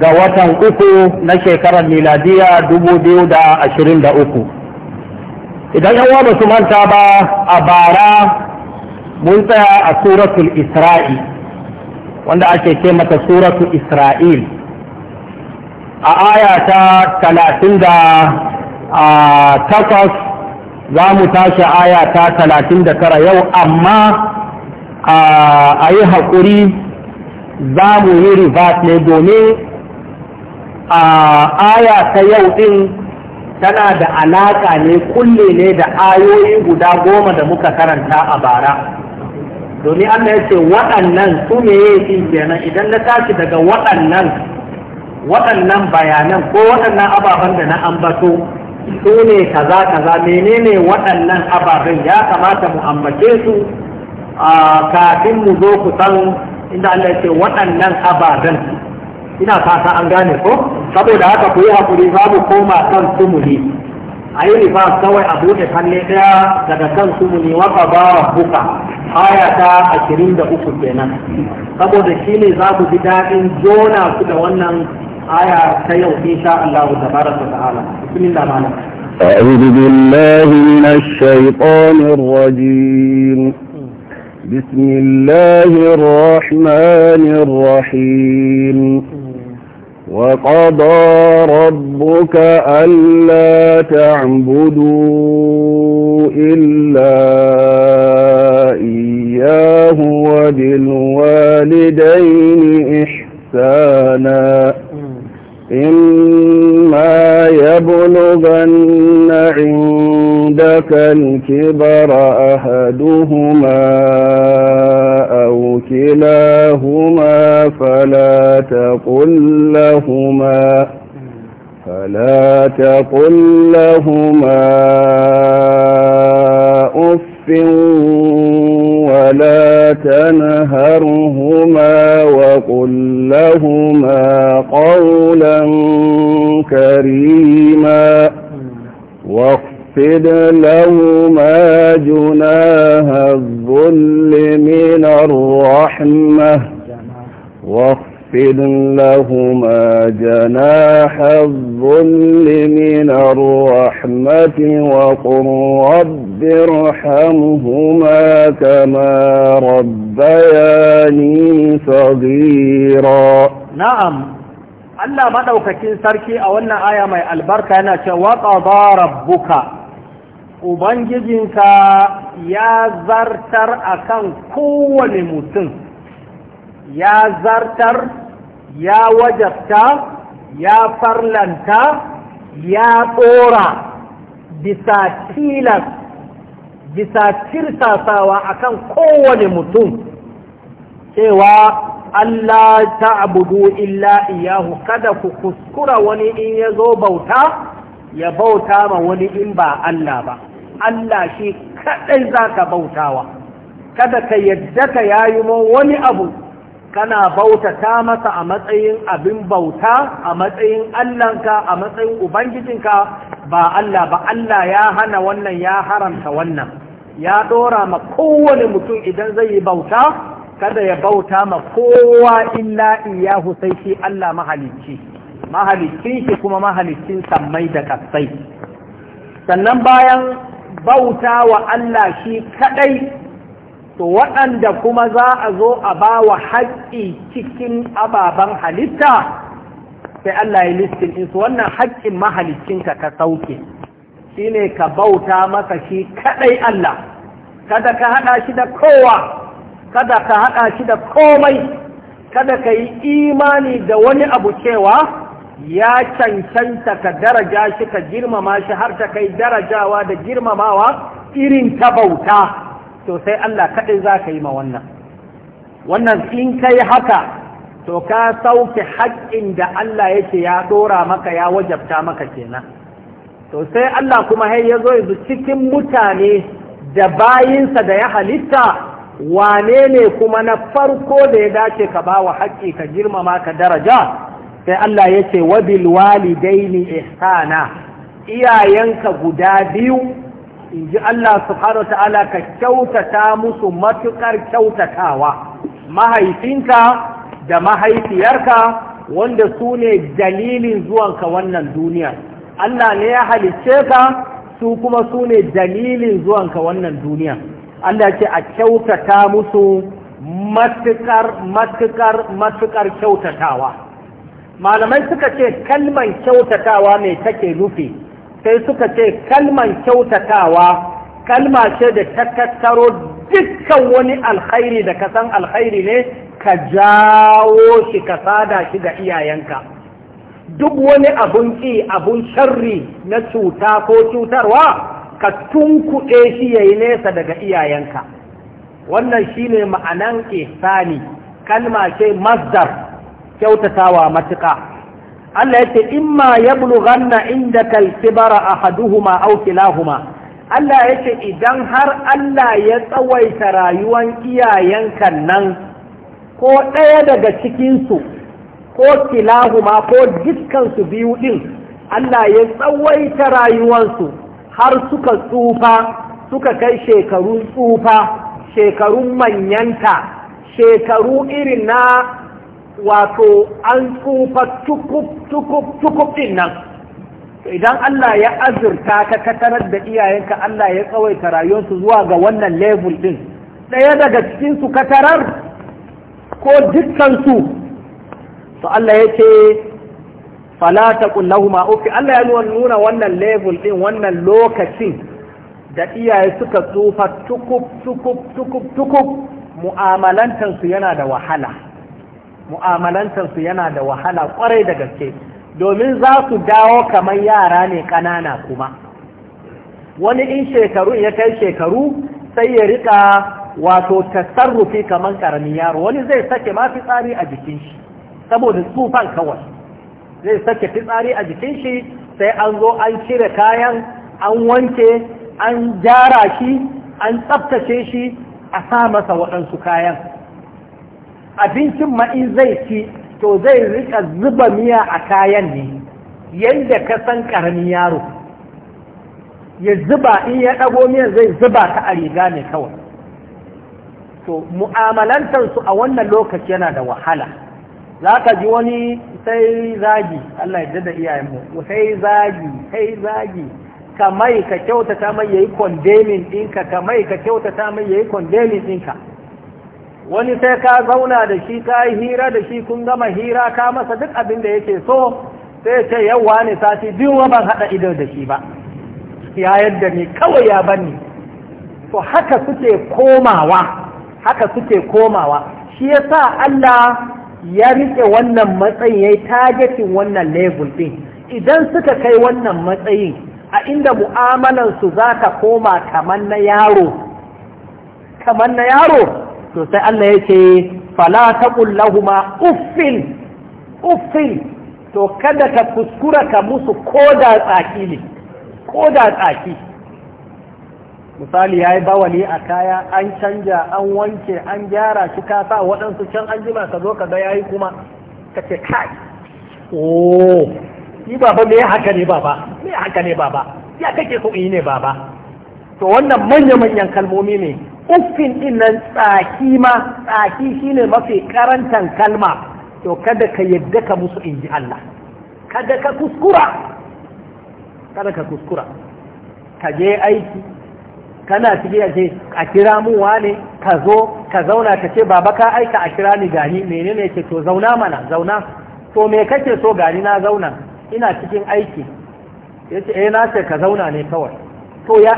ga watan uku na shekarar miladiya uku. idan yan ba su manta ba a bara mun tsaya a suratul isra'i wanda ake ce mata suratul isra'il a aya ta talatin da takwas za mu tashi aya ta talatin da tara yau amma a yi haƙuri za mu yi rivas ne domin a aya ta yau din tana da alaka ne kulle ne da ayoyi guda goma da muka karanta a bara domin Allah ya ce waɗannan su me yi kenan idan na tashi daga waɗannan waɗannan bayanan ko waɗannan ababen da na ambato su ne kaza kaza menene waɗannan ababen ya kamata mu ambace su kafin mu zo kusan inda Allah ya ce waɗannan ababen ina fata an gane ko saboda haka ku yi hakuri za koma kan sumuli a yi nufa kawai a buɗe kalle ɗaya daga kan sumuli waka ba buka aya ta ashirin da uku kenan saboda shi ne za ku ji daɗin jona su da wannan aya ta yau insha Allah ta baraka ta'ala bismillah malam أعوذ بالله من الشيطان الرجيم بسم الله الرحمن الرحيم وقضى ربك ألا تعبدوا إلا إياه وبالوالدين إحسانا إما يبلغن عندك الكبر أحدهما أو كلاهما فلا تقل لهما فلا تقل لهما أف ولا تنهرهما وقل لهما قولا كريما واخفض لهما جناه الذل من الرحمة واخفض واخفض لهما جناح الظل من الرحمة وقل رب ارحمهما كما ربياني صغيرا نعم الله ما تركي أو أولنا آية ما البركة أنا وقضى ربك وبنجدك يا زرتر أكن قوة متن يا زرتر ya wajabta ya farlanta ya tsora bisa tilas bisa cirtasawa akan kowane mutum cewa Allah ta'budu illa iyahu kada ku kuskura wani in ya zo bauta ya bauta ma wani in ba Allah ba Allah shi kadai ka bautawa kada ka yadda ka yayi wani abu kana bautata masa a matsayin abin bauta a matsayin allahnka a matsayin ubangijinka ba Allah ba Allah ya hana wannan ya haramta wannan ya dora ma kowane mutum idan zai yi bauta kada ya bauta ma kowa illa iyahu sai shi Allah mahalicci mahalicci shi kuma mahaliccin sammai da kasai sannan bayan bauta wa Allah shi kadai to waɗanda kuma za a zo a ba wa haƙƙi cikin ababen halitta sai Allah ya listin insu wannan haƙƙin mahalicinka ka sauke shi ne ka bauta masa shi kaɗai Allah kada ka haɗa shi da kowa kada ka haɗa shi da komai kada ka yi imani da wani abu cewa ya cancanta ka daraja shi ka girmama shi har ta kai darajawa da girmamawa irin ta bauta to sai Allah kaɗai za ka yi ma wannan wannan in ka yi haka to ka sauke haƙƙin da Allah yake ya ɗora maka ya wajabta maka kenan to sai Allah kuma hai ya zo yanzu cikin mutane da bayinsa da ya halitta wane ne kuma na farko da ya dace ka ba wa haƙƙi ka girmama ka daraja sai Allah ya ce wabil walidaini ihsana iyayenka guda biyu in ji Allah subhanahu wa ta'ala ka kyautata musu matuƙar kyautatawa mahaifinka da mahaifiyarka wanda su ne dalilin zuwanka wannan duniya Allah ne ya halicce ka su kuma su ne dalilin zuwanka wannan duniya Allah ce a kyautata musu matuƙar matuƙar matuƙar kyautatawa malamai suka ce kalman kyautatawa mai take nufi sai suka ce kalman kyautatawa kalma ce da ta kattaro dukkan wani alkhairi da ka san alkhairi ne ka jawo shi ka sada shi ga iyayenka duk wani abun ƙi abun sharri na cuta ko cutarwa ka tunkuɗe shi ya yi nesa daga iyayenka wannan shi shine ma'anan sani. kalma ce mazdar kyautatawa matuƙa Allah ya ce in ma ya bulughanna inda kalkibara a haduhuma au kilahuma Allah ya ce idan har Allah ya tsawaita rayuwan iyayenka nan ko ɗaya daga cikinsu ko kilahuma ko dukkansu biyu ɗin Allah ya tsawaita rayuwansu har suka tsufa suka kai shekarun tsufa shekarun manyanta shekaru irin na wato an tsufa tukub din nan idan Allah ya azurta ka katarar da iyayenka Allah ya tsawaita rayuwarsu zuwa ga wannan level din ɗaya daga cikinsu katarar ko dukkansu to Allah ya ce fala kullahu lahum ufi Allah ya nuna wannan level din wannan lokacin da iyaye suka tsufa tukub tukub tukub tukub mu'amalantansu yana da wahala mu'amalantarsu yana da wahala kwarai da gaske domin za su dawo kamar yara ne ƙanana kuma wani in shekaru ya kai shekaru sai ya rika wato tasarrufi kamar ƙaramin yaro wani zai sake ma fitsari a jikin shi saboda tsufan kawai zai sake fitsari a jikin shi sai an zo an cire kayan an wanke an gyara shi an tsaftace shi a sa masa waɗansu kayan abincin ma in zai ci to zai rika zuba miya a kayan ne yadda ka san ƙaramin yaro ya zuba in ya ɗago miyan zai zuba ta a riga ne kawai to mu'amalantarsu a wannan lokaci yana da wahala za ka ji wani sai zagi Allah ya dada iyayenmu sai zagi sai zagi ka mai ka kyautata mai yayi condemning ɗinka ka mai ka kyautata mai yayi condemning ɗinka wani sai ka zauna da shi ka yi hira da shi kun gama hira ka masa duk abin da yake so sai ce yawa ne sati biyu wa ban haɗa ido da shi ba ya yadda ni kawai ya bani to haka suke komawa haka suke komawa shi ya sa Allah ya rike wannan matsayin yayi targetin wannan level ɗin, idan suka kai wannan matsayin a inda mu'amalansu za ka koma kamar na yaro kamar na yaro to sai Allah ya ce fala taqul lahuma uffin uffin to kada ka kuskura ka musu koda tsaki ne koda tsaki misali ya yi bawali a kaya an canja an wanke an gyara shi ka sa waɗansu can an jima ka zo ka ga yayi kuma ka ce kai oh yi baba me haka ne baba me haka ne baba ya kake so yi ne baba to wannan manya manyan kalmomi ne uffin din nan tsaki ma tsaki shine mafi karantan kalma to kada ka yadda ka musu in ji Allah kada ka kuskura kada ka kuskura ka je aiki kana cike ya ce a kira mu wane ka zo ka zauna ka ce baba ka aika a kira ni gani menene ce to zauna mana zauna to me kake so gani na zauna ina cikin aiki yace eh na ce ka zauna ne kawai to ya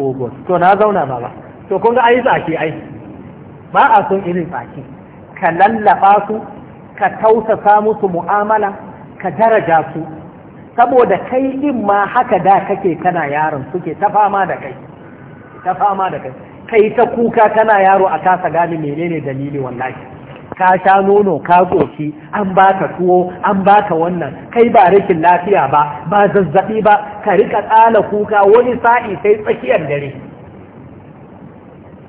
oh to na zauna baba to kun ga ai tsaki ai ba a son irin tsaki ka lallaba su ka tausasa musu mu'amala ka daraja su saboda kai din ma haka da kake kana yaron suke ta fama da kai ta fama da kai kai ta kuka kana yaro a kasa gani menene dalili wallahi ka sha nono ka tsoki an baka tuwo an baka wannan kai ba rikin lafiya ba ba zazzabi ba ka rika tsala kuka wani sa'i sai tsakiyar dare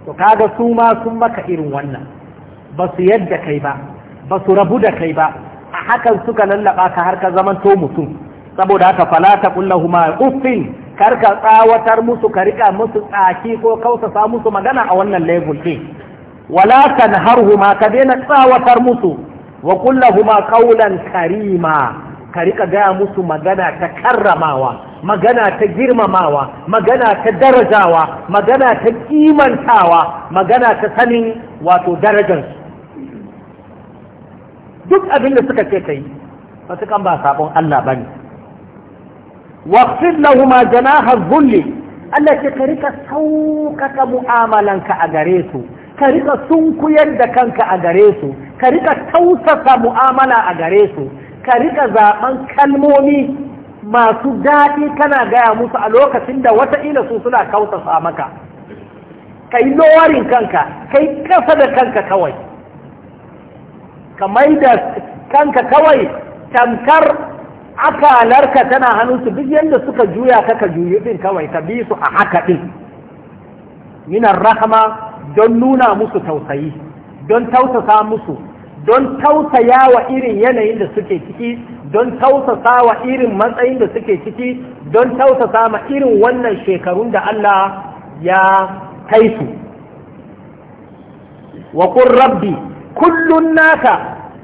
to kaga su ma sun maka irin wannan ba su yadda kai ba ba su rabu da kai ba a hakan suka lallaba ka har ka zamanto mutum saboda haka fala ta kullahuma uffin kar ka tsawatar musu ka rika musu tsaki ko kausasa musu magana a wannan level din wala tanharhuma ka daina tsawatar musu wa huma qawlan karima ka rika gaya musu magana ta karramawa magana ta girmamawa magana ta darajawa magana ta kimantawa magana ta sanin wato darajarsu duk abin da suka ce kai kan ba sabon Allah ba ne waqfid lahuma janaha dhulli Allah ce ka rika sauƙaƙa mu'amalanka a gare su ka rika sunkuyar da kanka a gare su ka rika tausasa mu'amala a gare su ka rika zaɓen kalmomi masu daɗi kana gaya musu a lokacin da wataƙila su suna kautasa maka ka yi lowarin kanka ka yi ƙasa da kanka kawai ka mai da kanka kawai tamkar akalarka tana hannunsu duk yadda suka juya ka ka juyi ɗin kawai ka bi su a haka ɗin minan rahama don nuna musu tausayi don tausasa musu don tausaya wa irin yanayin da suke ciki don tausasa wa irin matsayin da suke ciki don tausasa ma irin wannan shekarun da Allah ya kai wa kun rabbi kullun naka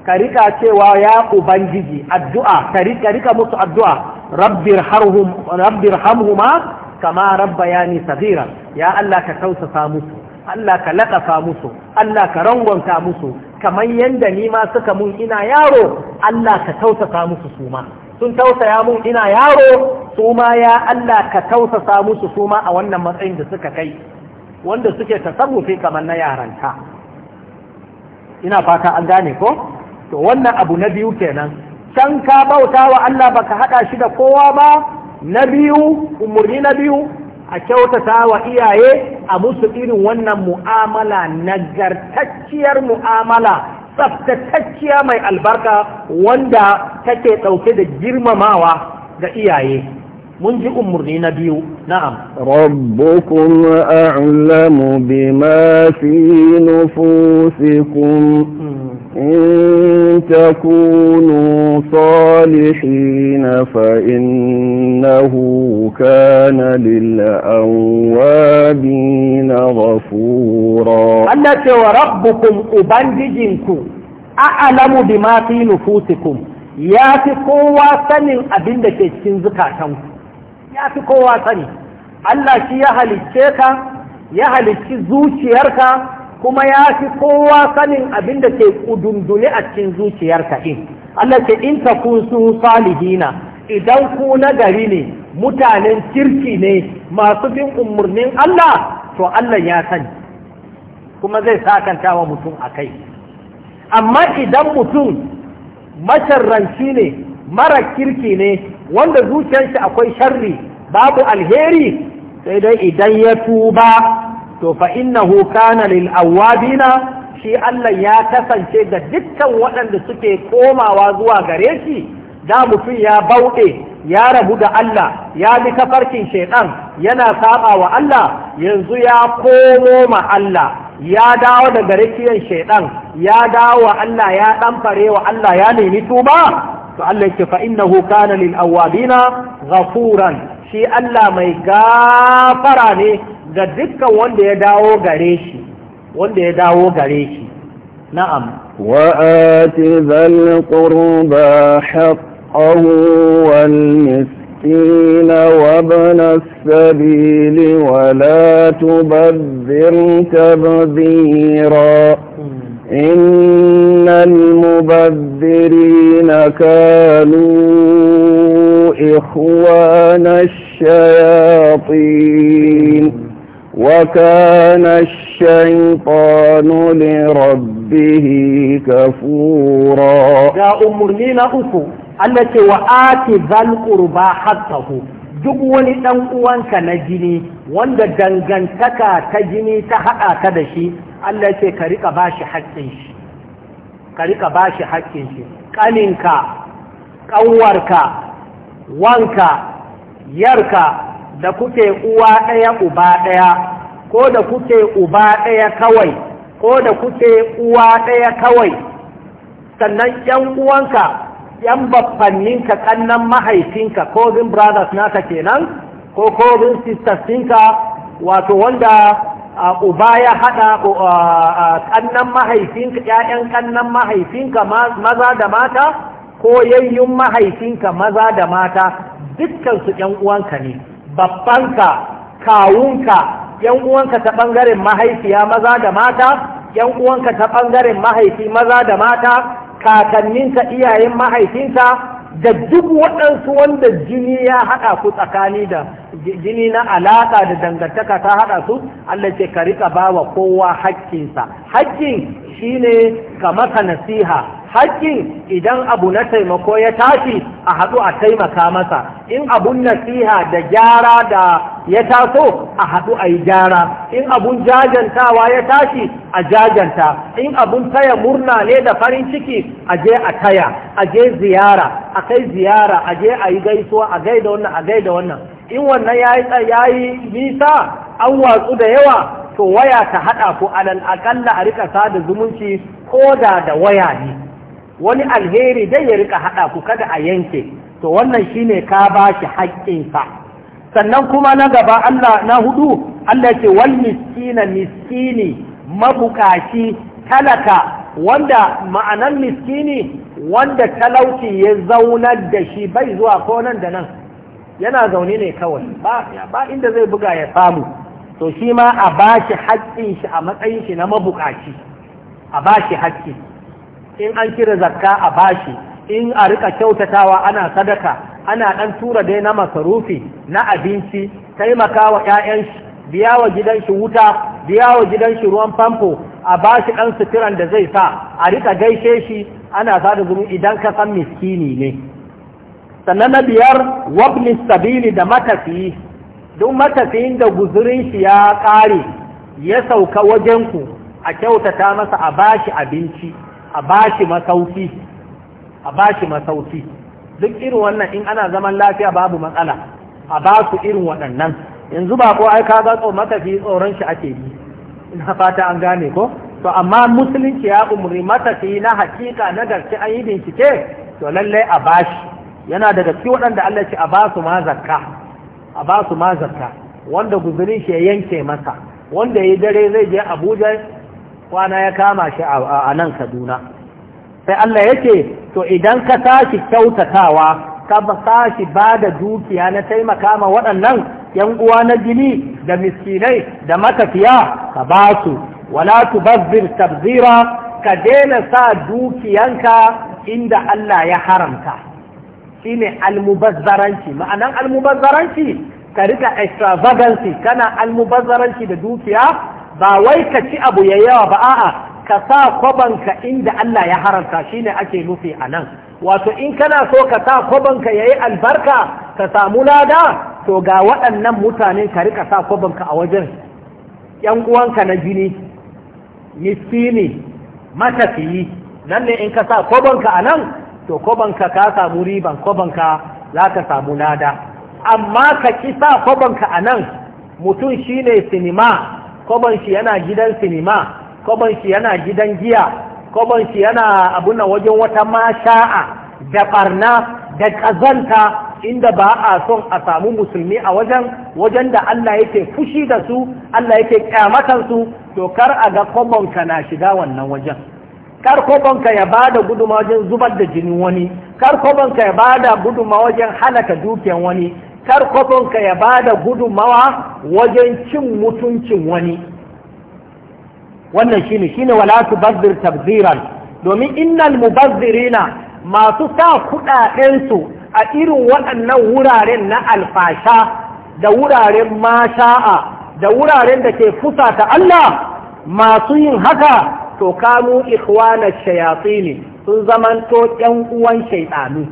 ka rika cewa ya ubangiji addu'a ka rika musu addu'a rabbir hamhuma kama rabbayani sagira ya Allah ka tausasa musu Allah ka laƙasa musu Allah ka rangonta musu kamar yadda ni ma suka mun ina yaro Allah ka tausasa musu su ma sun tausaya mun ina yaro su ma ya Allah ka tausasa musu su ma a wannan matsayin da suka kai wanda suke tasarrufi kamar na yaranta ina fata an gane ko to wannan abu na biyu kenan can ka bauta wa Allah baka hada shi da kowa ba na biyu umurni na biyu a kyautata wa iyaye a musu irin wannan mu'amala nagartacciyar mu'amala tsaftatacciya mai albarka wanda take ɗauke da girmamawa ga iyaye mun ji umarni na biyu na'am rabbukum a'lamu bima fi nufusikum hmm. إن تكونوا صالحين فإنه كان للأوابين غفورا أنت وربكم أبنجنكم أعلم بما في نفوسكم ya fi kowa sanin abin da ke cikin zukatanku ya fi kowa sani Allah shi ya halicce ka ya halicci zuciyarka kuma ya fi kowa sanin abin da ke kudundule a cikin zuciyar kaɗin. Allah ce in ta su salihina idan ku na gari ne mutanen kirki ne masu bin umarnin Allah to Allah ya sani kuma zai sakanta wa mutum a kai amma idan mutum masharranci ne mara kirki ne wanda zuciyarsa akwai sharri babu alheri sai dai idan ya tuba to fa innahu kana lil awabina shi Allah ya kasance ga dukkan waɗanda suke komawa zuwa gare shi da mutum ya bauɗe ya rabu da Allah ya bi kafarkin shaiɗan, yana saba wa Allah yanzu ya komo ma Allah ya dawo daga rikiyan shaidan ya dawo wa Allah ya ɗanfare wa Allah ya nemi tuba to Allah yake fa innahu kana lil awabina ghafuran shi Allah mai gafara ne ga dukkan wanda ya dawo gare shi wanda ya dawo gare shi na'am wa ati zal qurba haqqahu wal miskin wa ibn as-sabil wa la tubdhir tabdhira إن المبذرين كانوا إخوان الشياطين وكان الشيطان لربه كفورا يا أمرني لأكو التي وآتي ذا القربى حقه duk wani ɗan uwanka na jini wanda dangantaka ta jini ta haɗa ta da shi Allah ce ka rika ba shi shi ba shi haƙƙin shi ƙaninka ƙanwarka wanka yarka da kuke uwa ɗaya uba ɗaya ko da kuke uba ɗaya kawai ko da kuke uwa ɗaya kawai sannan ‘yan uwanka ‘yan baffanninka ƙannan mahaifinka cousin brothers naka kenan ko cousin sisters ɗinka wato wanda uba ya haɗa ƙannan mahaifinka ƴaƴan ƙannan mahaifinka maza da mata ko yayyun mahaifinka maza da mata dukkan su ‘yan uwanka ne babbanka kawunka yan uwanka ta bangaren mahaifiya maza da mata yan uwanka ta bangaren mahaifi maza da mata kakanninka iyayen mahaifinka da duk waɗansu wanda jini ya haɗa ku tsakani da jini na alaƙa da dangantaka ta haɗa su Allah ce ka riƙa ba wa kowa haƙƙinsa haƙƙin shi ne ka maka nasiha haƙƙin idan abu na taimako ya tashi a haɗu a taimaka masa in abun nasiha da gyara da ya taso a haɗu a yi gyara in abun jajantawa ya tashi a jajanta in abun taya murna ne da farin ciki a je a taya a je ziyara a kai ziyara a je a yi gaisuwa a gaida wannan a gaida wannan in wannan ya yi nisa an watsu da yawa to waya ta haɗa ku alal aƙalla a rika sada zumunci ko da da waya ne wani alheri dai ya rika haɗa ku kada a yanke to wannan shine ka ba shi haƙƙinsa sannan kuma na gaba Allah na hudu Allah ce wal miskina miskini mabukaci talaka wanda ma'anan miskini wanda talauci ya zaunar da shi bai zuwa ko nan da nan yana zaune ne kawai ba inda zai buga ya samu to shi ma a bashi haƙƙin shi a matsayin shi na mabukaci a bashi haƙƙi in an kira zakka a bashi in a rika kyautatawa ana sadaka ana ɗan tura dai na masarufi na abinci taimaka wa 'ya'yan shi biya gidan wuta biya wa gidan ruwan famfo a ba shi ɗan suturan da zai sa a rika gaishe shi ana da zuru idan ka san miskini ne sannan na biyar wabni sabili da matafiyi duk matafiyin da guzurin shi ya ƙare ya sauka wajen ku a kyautata masa a ba shi abinci a shi masauki a bashi masauki duk irin wannan in ana zaman lafiya babu matsala a ba su irin waɗannan yanzu ba ko ai ga tso matafi tsoron shi ake yi ina fata an gane ko to amma musulunci ya umri matafi na hakika na gaske an yi bincike to lallai a bashi yana daga cikin waɗanda Allah ce a ba su ma zakka a ba su ma zakka wanda guzurin shi ya yanke masa wanda ya dare zai je Abuja kwana ya kama shi a nan Kaduna sai Allah ya ce to idan ka tashi kyautatawa ka tashi ba da dukiya na taimaka ma waɗannan yan uwa na jini da miskinai da matafiya ka ba su wala tubazzir tabzira ka daina sa dukiyanka inda Allah ya haramta ne almubazzaranci ma'anan almubazzaranci ka rika extravagancy kana almubazzaranci da dukiya ba wai ka ci abu yayi yawa ba a'a ka sa kwabanka inda Allah ya haramta shine ake nufi a nan wato in kana so ka sa kwabanka ya yi albarka ka samu lada to ga waɗannan mutane ka rika sa kwabanka a wajen ‘yan uwanka na jini miskini matafiyi nan ne in ka sa kwabanka a nan to kwabanka ka samu riban kwabanka za ka samu lada amma ka ki sa kwabanka a nan mutum shine sinima kwaban shi yana gidan sinima kwabon shi yana gidan giya kwabon shi yana abun nan wajen wata masha'a da barna da kazanta inda ba a son a samu musulmi a wajen wajen da Allah yake fushi da su Allah yake kyamatar su to kar a ga kwabon ka na shiga wannan wajen kar ka ya ba da guduma wajen zubar da jinin wani kar ka ya ba guduma wajen halaka dukiyan wani kar ka ya bada da gudumawa wajen cin mutuncin wani wannan shine shine wala tubazzir tabziran domin innal na masu sa kudaden su a irin waɗannan wuraren na alfasha da wuraren masha'a da wuraren da ke fusata Allah masu yin haka to kanu ikhwana shayatin sun zamanto ƴan uwan shaytanu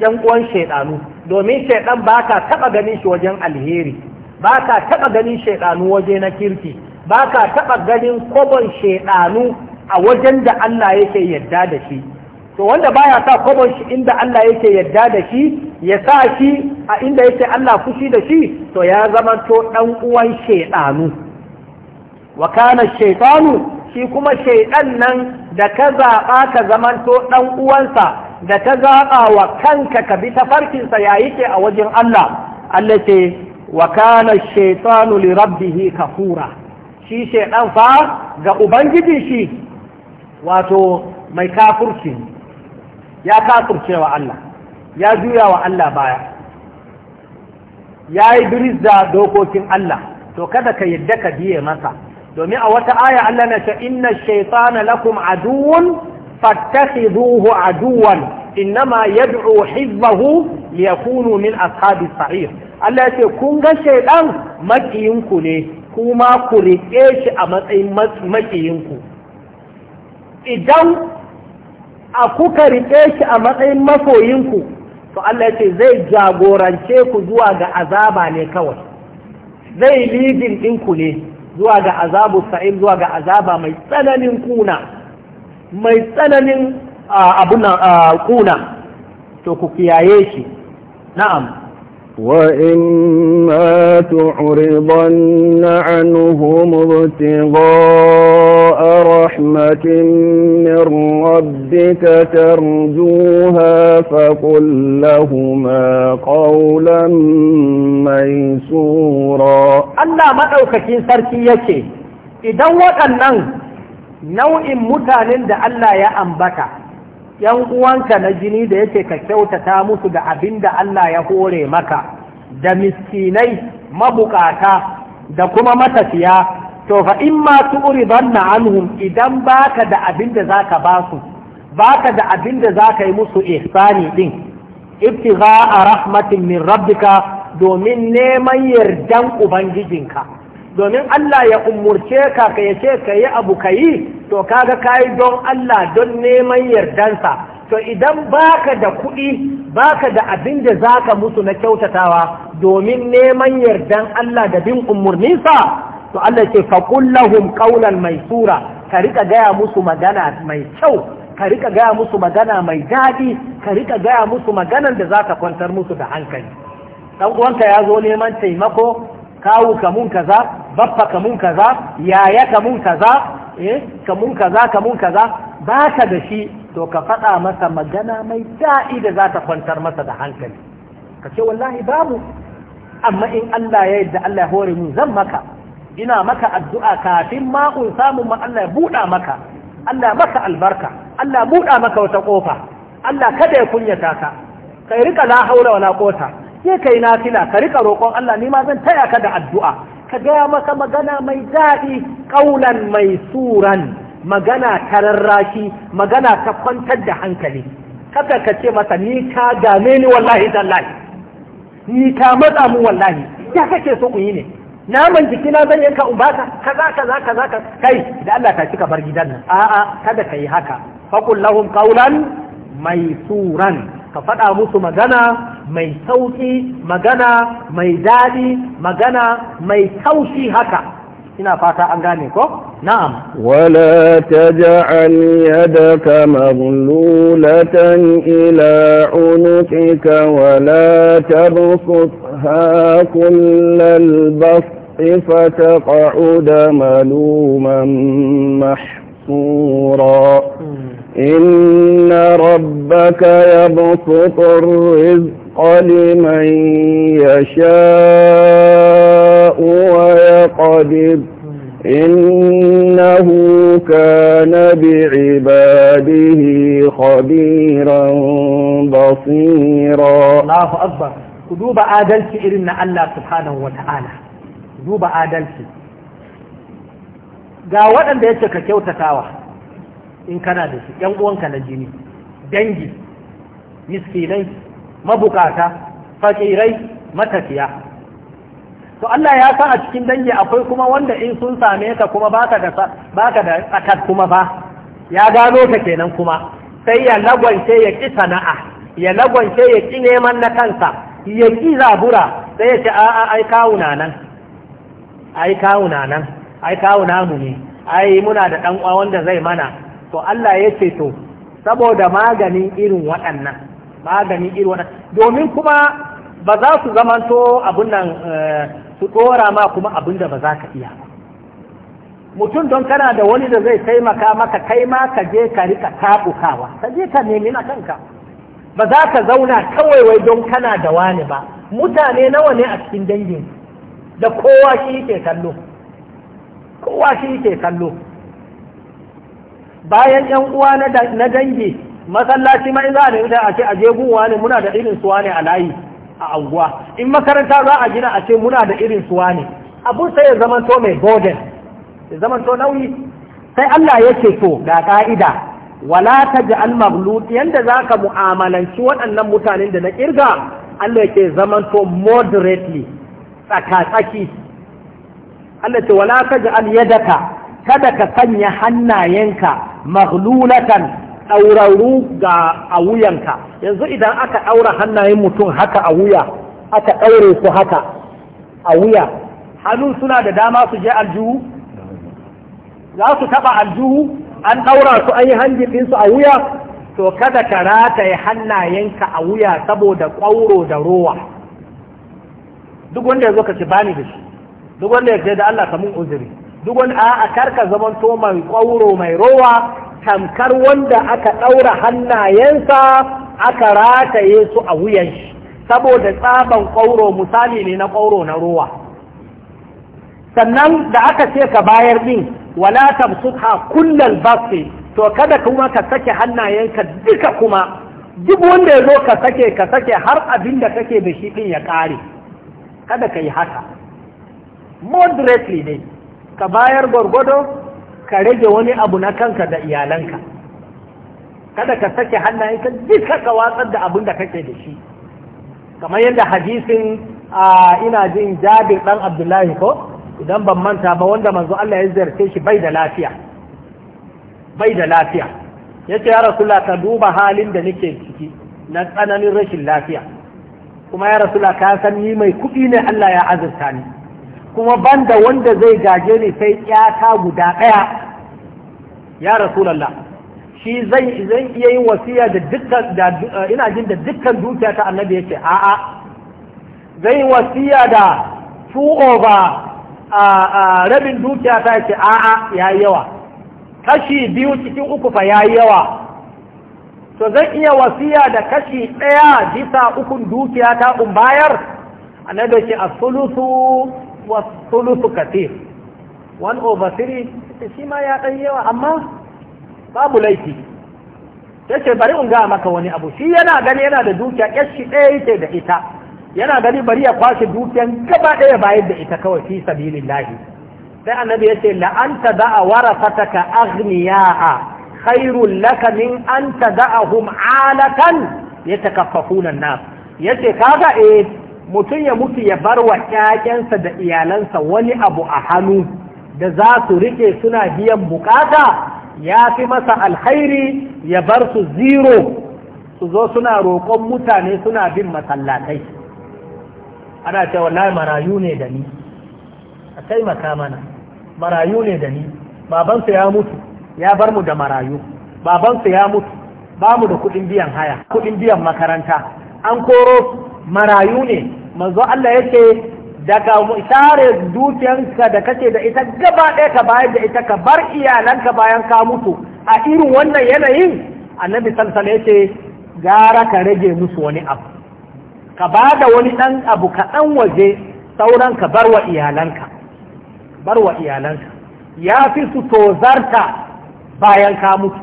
ƴan uwan shaytanu domin shaytan baka taba ganin shi wajen alheri baka taba ganin shaytanu waje na kirki ba ka taɓa ganin kwabon shaiɗanu a wajen da Allah yake yadda da shi to wanda ba ya sa kwabon shi inda Allah yake yadda da shi ya sa shi a inda yake Allah fushi da shi to ya zama to ɗan uwan shaiɗanu wa kana shaiɗanu, shi kuma shaiɗan nan da ka zaɓa ka zaman to ɗan uwansa da ta zaɓa wa kanka ka bi ta farkinsa ya yake a wajen Allah Allah ce wa kana shaiɗanu li rabbihi kafura shi shaidan fa ga ubangiji shi wato mai kafurci ya kafurce wa Allah ya juya wa Allah baya ya yi birizza dokokin Allah to kada ka yadda ka biye masa domin a wata aya Allah na ce inna shaitana lakum aduwwun fattakhidhuhu aduwan innama yad'u hizbahu liyakunu min ashabis sa'ir Allah ya ce kun ga shaidan makiyinku ne kuma ku riƙe shi a matsayin makiyinku idan a kuka riƙe shi a matsayin masoyinku to Allah ce zai jagorance ku zuwa ga azaba ne kawai zai lidin ɗinku ne zuwa ga azabu sa'in zuwa ga azaba mai tsananin kuna mai tsananin abuna kuna to ku kiyaye shi na'am وإما تعرضن عنهم ابتغاء رحمة من ربك ترجوها فقل لهما قولا ميسورا الله ما أوكاكين سركي إذا وقال نوع متعلن ده الله يا أنبكا yan uwanka na jini da yake ka kyautata musu da abin da Allah ya hore maka da miskinai mabukata da kuma matafiya to fa in ma tu'ridanna anhum idan baka da abin da zaka ba su baka da abin da za ka yi musu ihsani din a rahmatin min rabbika domin neman yardan ubangijinka domin Allah ya umurce ka ka yace ka yi abu ka yi to kaga kayi don Allah don neman yardansa to idan baka da kuɗi baka da abin da zaka musu na kyautatawa domin neman yardan Allah da bin umarninsa to Allah ce faƙul lahum ƙaunar mai tura ka rika gaya musu magana mai kyau ka rika gaya musu magana mai daɗi ka rika gaya musu maganan da zaka kwantar musu da hankali dan uwanka ya zo neman taimako kawu ka mun kaza baffa ka mun kaza yaya ka mun kaza eh mun kaza mun kaza ba ka da shi to ka faɗa masa magana mai daɗi da za ta kwantar masa da hankali ka ce wallahi babu amma in Allah ya yadda Allah ya hore mu zan maka ina maka addu'a kafin ma un samu ma Allah ya buɗa maka Allah maka albarka Allah buɗa maka wata ƙofa Allah kada ya kunyata ka kai rika la haula wala qota sai kai nafila ka rika roƙon Allah ni ma zan taya ka da addu'a ka gaya maka magana mai daɗi ƙaunan mai suran magana ta rarraki magana ta kwantar da hankali kaka ka ce masa ni ka game ni wallahi tallahi ni ka matsa mu wallahi ya kake so ku yi ne naman jiki na zan yanka ka ka kaza kaza kaza ka kai da Allah ta cika bar gidan nan a'a kada ka yi haka faqul lahum mai suran. ka faɗa musu magana mai sauƙi magana mai daɗi magana mai taushi haka ina fata an gane ko na'am wala taj'al yadaka maghlulatan ila unuqika wala tabsutha kullal basti فتقعد ملوما محسوسا محصورا إن ربك يبسط الرزق لمن يشاء ويقدر إنه كان بعباده خبيرا بصيرا الله أكبر ذوب آدلت إلنا الله سبحانه وتعالى ذوب آدلت ga waɗanda yake ka kyautatawa in kana da shi ‘yan uwanka na jini dangi miskinai mabukata fakirai matafiya to Allah ya san a cikin dangi akwai kuma wanda in sun same ka kuma baka da baka da kuma ba ya gano ka kenan kuma sai ya lagwance ya ki sana'a ya lagwance ya ki neman na kansa ya ki zabura sai ya ce a'a ai kawuna nan ai kawuna nan ai kawo namu ne ai muna da ɗan'uwa wanda zai mana to Allah ya ce to saboda maganin irin waɗannan maganin irin waɗannan domin kuma ba za su to abun nan eh, su ɗora ma kuma abin da ba za ka iya ba mutum don kana da wani da zai taimaka maka kai ma ka je ka rika taɓukawa, ka je ka nemi na kanka ba za ka zauna kawai wai don kana da wani ba mutane nawa ne a cikin dangin da kowa shi ke kallo kowa shi ke kallo bayan yan uwa na dangi masallaci mai za a nemi a ce aje gunwa ne muna da irin suwa ne a layi a anguwa in makaranta za a gina a ce muna da irin suwa ne abun sai ya zamanto mai boden, ya zamanto nauyi sai Allah ya ce to ga ka'ida wala ta ji almaglub yadda za ka mu'amalanci waɗannan mutanen da na ƙirga Allah ke zamanto moderately tsaka-tsaki Allah ce wala taj'al yadaka kada ka sanya hannayenka maghlulatan auraru ga a wuyanka yanzu idan aka ɗaura hannayen mutum haka a wuya aka ɗaure su haka a wuya hannu suna da dama su je aljihu za su taɓa aljihu an ɗaura su an yi hanjin su a wuya to kada ka rataye hannayenka a wuya saboda ƙwauro da rowa duk wanda ya zo ka ci bani da shi duk wanda ya da Allah kamun uzuri duk wanda a karka zaman to mai kwauro mai rowa tamkar wanda aka ɗaura hannayensa aka rataye su a wuyan shi saboda tsaban kwauro misali ne na kwauro na rowa sannan da aka ce ka bayar din wala tabsuha kullal basi to kada kuma ka sake hannayenka duka kuma duk wanda ya zo ka sake ka sake har abin da kake da shi din ya kare kada ka yi haka moderately ne ka bayar gwargwado ka rage wani abu na kanka da iyalanka kada ka sake hannayen ka duka ka watsar da abin da kake da shi kamar yadda hadisin ina jin jabir dan abdullahi ko idan ban manta ba wanda manzo Allah ya ziyarce shi bai da lafiya bai da lafiya yace ya rasulullah ka duba halin da nake ciki na tsananin rashin lafiya kuma ya la ka san ni mai kuɗi ne Allah ya azurta ni kuma banda wanda zai gaje ni sai ƴata guda ɗaya ya rasulallah shi zai zai iya yin wasiya da dukkan da eh, ina jin da dukkan dukiya ta annabi yake a'a zai wasiya da two over a rabin dukiya ta yake a'a yayi yawa kashi biyu cikin uku fa yayi yawa to zan iya wasiya da kashi ɗaya bisa ukun dukiya ta in bayar annabi yake asulusu wa thuluthu katir one over three shi ma ya ɗan yawa amma babu laifi yace bari in ga maka wani abu shi yana gani yana da dukiya yashi ɗaya yake da ita yana gani bari ya kwashe dukiyan gaba ɗaya bayar da ita kawai fi sabilillahi sai annabi yace la anta da'a warasataka aghniya'a khairul laka min an tada'ahum alatan yatakaffafuna an-nas yace kaga eh mutum ya mutu ya bar wa ƴaƴansa da iyalansa wani abu a hannu da za su rike suna biyan bukata ya fi masa alhairi ya bar su zero su zo suna roƙon mutane suna bin masallatai ana cewa wallahi marayu ne da ni a taimaka mana marayu ne da ni babansa ya mutu ya bar mu da marayu babansa ya mutu ba mu da kuɗin biyan haya kuɗin biyan makaranta an koro su. marayu ne manzo Allah yake daga tare dukiyanka da kake da ita gaba ɗaya ka bayar da ita ka bar iyalanka bayan ka mutu a irin wannan yanayin annabi salsala yace gara ka rage musu wani abu ka ba da wani ɗan abu kaɗan waje sauran ka bar wa iyalanka bar wa iyalanka ya fi su tozarta bayan ka mutu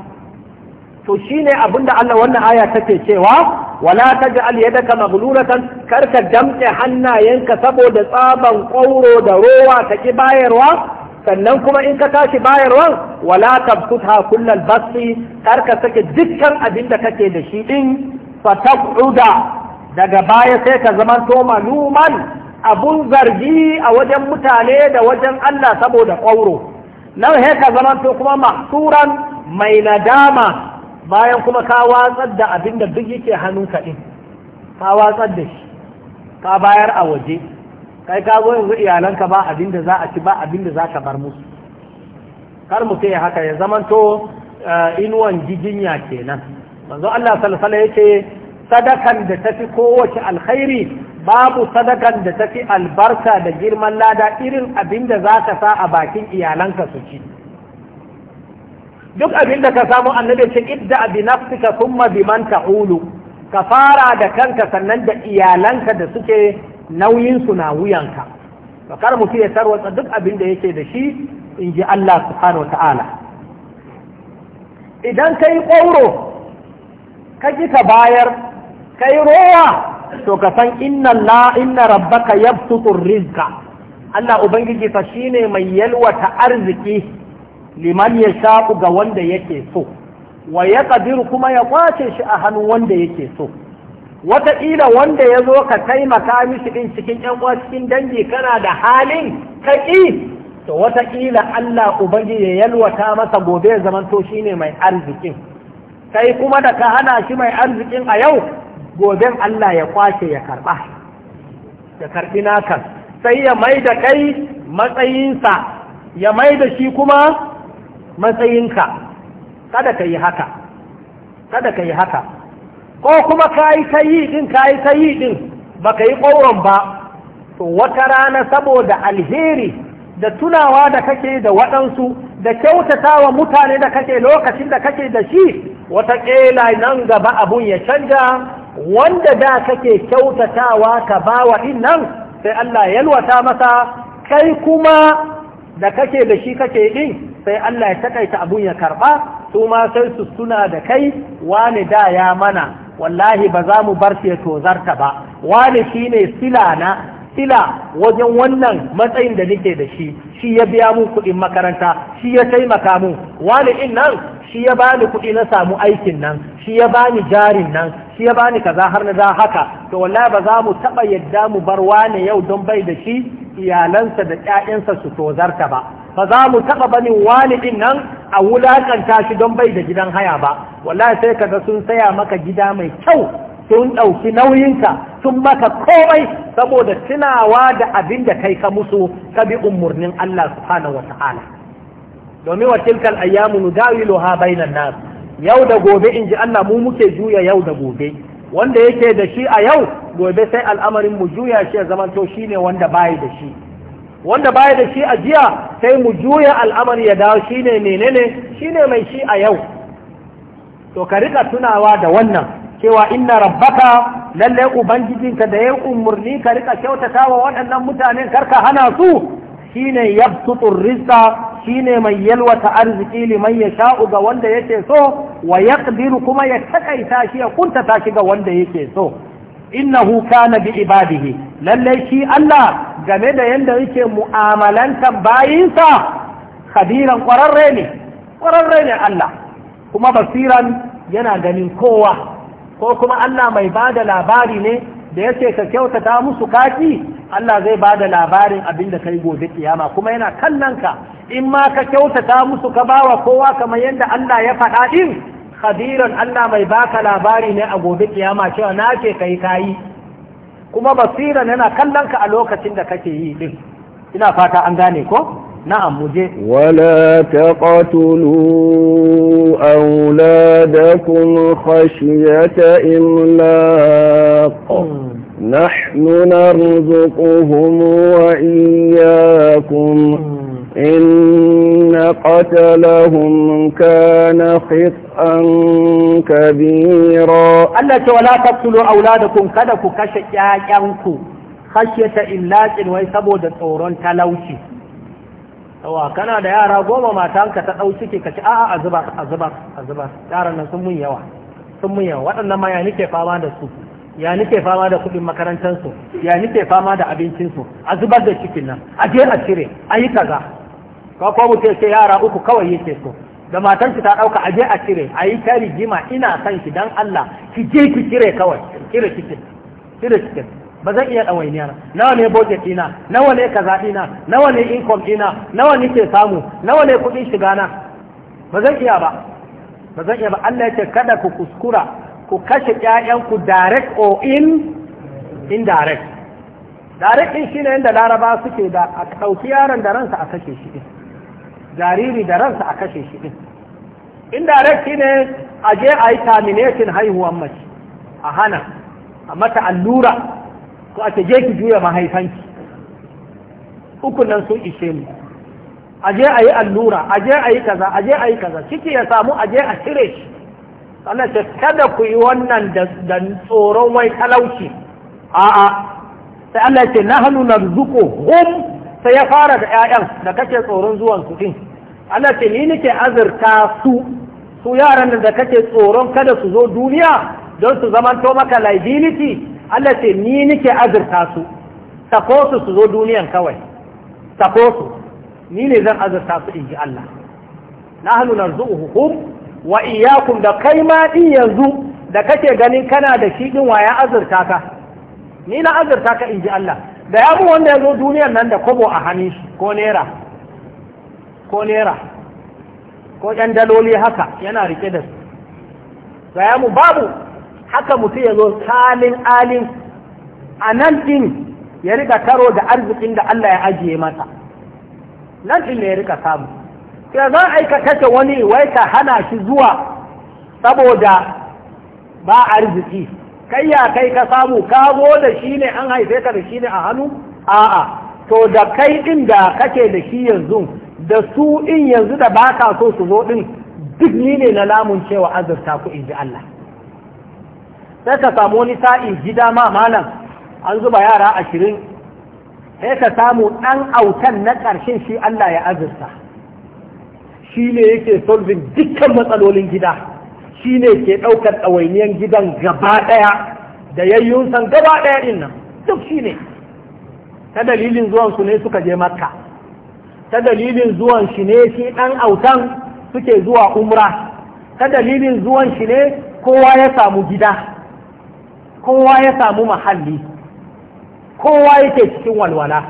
to shi shine abinda Allah wannan aya take cewa wala taj'al yadaka maghlulatan karka damke hannayenka saboda tsaban ƙwauro da rowa ta ki bayarwa sannan kuma in ka tashi bayarwan wala tabkutha kullal basti karka sake dukkan abin da kake da shi din fataquda daga baya sai ka zama to maluman abun zargi a wajen mutane da wajen Allah saboda kwauro nan sai ka zama to kuma mahsuran mai nadama bayan kuma ka watsar da abin da duk yake hannunka ɗin ka watsar da shi ka bayar a waje kai ka zo yanzu iyalanka ba abin da za a ci ba abin da za ka bar musu kar mu sai haka ya zamanto eh, inuwan jijinya kenan manzo Allah sallallahu alaihi yake sadakan da tafi kowace alkhairi babu sadakan da tafi albarka da girman lada irin abin da za ka sa a bakin iyalanka su ci duk abin da ka samu annabi ce idda bi nafsika thumma man ta'ulu ka fara da kanka sannan da iyalanka da suke nauyin su na wuyanka to kar mu fiye tarwatsa duk abin da yake da shi in ji Allah subhanahu ta'ala idan kai kauro ka ji ka bayar kai rowa to ka san inna la inna rabbaka yabsutu rizqa Allah ubangiji fa shine mai yalwata arziki liman ya shaƙu ga wanda yake so wa ya kadiru kuma ya kwace shi a hannun wanda yake so wataƙila wanda ya zo ka taimaka mishi ɗin cikin 'yan uwa cikin dangi kana da halin kaƙi to wataƙila Allah ubangi ya yalwata masa gobe ya zamanto shine mai arzikin kai kuma da ka hana shi mai arzikin a yau gobe Allah ya kwace ya karɓa ya karɓi nakan sai ya mai da kai matsayinsa ya mai da shi kuma matsayinka kada ka yi haka kada ka yi haka ko kuma ka yi ta yi din ka yi ta yi din ba ka yi ƙauron ba to wata rana saboda alheri da tunawa da kake da waɗansu da kyautata wa mutane da kake lokacin da kake da shi wataƙila nan gaba abun ya canja wanda da kake kyautatawa ka bawa din nan sai Allah yalwata masa kai kuma da kake da shi kake din sai Allah ya takaita abun ya karba su ma sai su suna da kai wani da ya mana wallahi ba za mu bar ya tozarta ba wani shine sila na sila wajen wannan matsayin da nake da shi shi ya biya mu kuɗin makaranta shi ya taimaka mu wani in nan shi ya bani kuɗi na samu aikin nan shi ya bani jarin nan shi ya bani kaza har na za haka to wallahi ba za mu taɓa yadda mu bar wani yau don bai da shi iyalansa da ƴaƴansa su tozarta ba ba za mu taɓa bani walidin nan a wulaƙanta shi don bai da gidan haya ba wallahi sai kaga sun saya maka gida mai kyau sun ɗauki nauyinka sun maka komai saboda tunawa da abin da kai ka musu ka bi umurnin Allah subhanahu wa ta'ala domin wa tilkal ayyamu nudawiluha bainan nas yau da gobe inji Allah mu muke juya yau da gobe wanda yake da shi a yau gobe sai al'amarin mu juya shi ya zamanto shi ne wanda baya da shi wanda baya da shi a jiya sai mu juya al'amari ya dawo shi ne menene shi ne mai shi a yau to ka rika tunawa da wannan cewa inna rabbaka lalle ubangijinka da ya umurni ka rika kyautata wa waɗannan mutanen karka hana su shine yabsutur shi ne mai yalwata arziki liman ya sha'u ga wanda yake so wa yaqdiru kuma ya takaita shi ya kuntata shi ga wanda yake so innahu kana bi ibadihi lalle shi Allah game da yanda yake mu'amalantan bayinsa khabiran kwararre ne kwararre ne Allah kuma basiran yana ganin kowa ko kuma Allah mai bada labari ne da yace ka kyauta ta musu kaki Allah zai ba da labarin abin da kai gobe kiyama kuma yana kallon ka in ma ka kyauta ta musu ka bawa kowa kamar yadda Allah ya faɗa din khabiran Allah mai baka labari ne a gobe kiyama cewa na ce kai kayi kuma basira yana kallon ka a lokacin da kake yi din ina fata an gane ko na'am muje wala taqatulu awladakum khashyata imlaq نحن نرزقهم وإياكم إن قتلهم كان خطأ كبيرا الله ولا تقتلوا أولادكم كدك كشيانكم خشية إملاك ويسبود تورون تلوشي Yawa kana da yara goma matanka ta ɗau ciki a'a a zubar a zubar yaran sun mun yawa waɗannan fama da su ya nike fama da kuɗin makarantarsu ya nike fama da abincinsu a zubar da cikin nan a je a cire a yi kaza ka ko mutum ce yara uku kawai yake so da matar ta ɗauka a je a cire a yi ta rigima ina son ki dan Allah ki je ki cire kawai cire cikin cire cikin ba zan iya ɗawainiya nawa ne budget dina? nawa ne kaza ɗina nawa ne income ɗina nawa nike samu nawa ne kuɗin shiga na ba zan iya ba ba zan iya ba Allah ya ce kada ku kuskura ku kashe ƴaƴanku direct or in indirect direct din shine yadda laraba suke da a ɗauki yaron da ransa a kashe shi din jariri da ransa a kashe shi din indirect shine a je a yi terminating haihuwan mace a hana a mata allura ko a je ki juya mahaifanki uku nan sun ishe mu a je a yi allura a je a yi kaza a je a yi kaza ciki ya samu a je a cire shi Allah ce kada ku yi wannan da tsoron wai talauci a'a sai Allah ce na na zuko hum sai ya fara da 'ya'yan da kake tsoron zuwan su din Allah ce ni nake azurta su su yaran da kake tsoron kada su zo duniya don su zamanto maka liability Allah ce ni nake azurta su tako su su zo duniyan kawai tako su ni ne zan azurta su in ji Allah zuko hum. wa iyakum da kai ma din yanzu da kake ganin kana da shi din waya azurta ka ni na azurta ka inji Allah da ya mu wanda ya zo duniyar nan da kobo a hannun shi ko naira ko naira ko yan daloli haka yana rike da su da yamu mu babu haka mutum ya zo salin alin a nan din ya rika karo da arzikin da Allah ya ajiye masa nan din ne ya rika samu ya za a wani wai ka hana shi zuwa saboda ba a arziki kai ya kai ka samu ka zo da shi ne an haife ka da shi ne a hannu a'a to da kai din da kake da shi yanzu da su in yanzu da baka so su zo din duk ni ne na lamun cewa azurta ku in ji Allah sai ka samu wani sa'in gida ma malam an zuba yara ashirin sai ka samu ɗan autan na ƙarshen shi Allah ya azurta shi ne yake solving dukkan matsalolin gida shi ne ke ɗaukar ɗawainiyar gidan gaba ɗaya da yayyun san gaba ɗaya ɗin nan duk shi ne ta dalilin zuwan su ne suka je maka ta dalilin zuwan shi ne shi ɗan autan suke zuwa umra ta dalilin zuwan shi ne kowa ya samu gida kowa ya samu mahalli kowa yake cikin walwala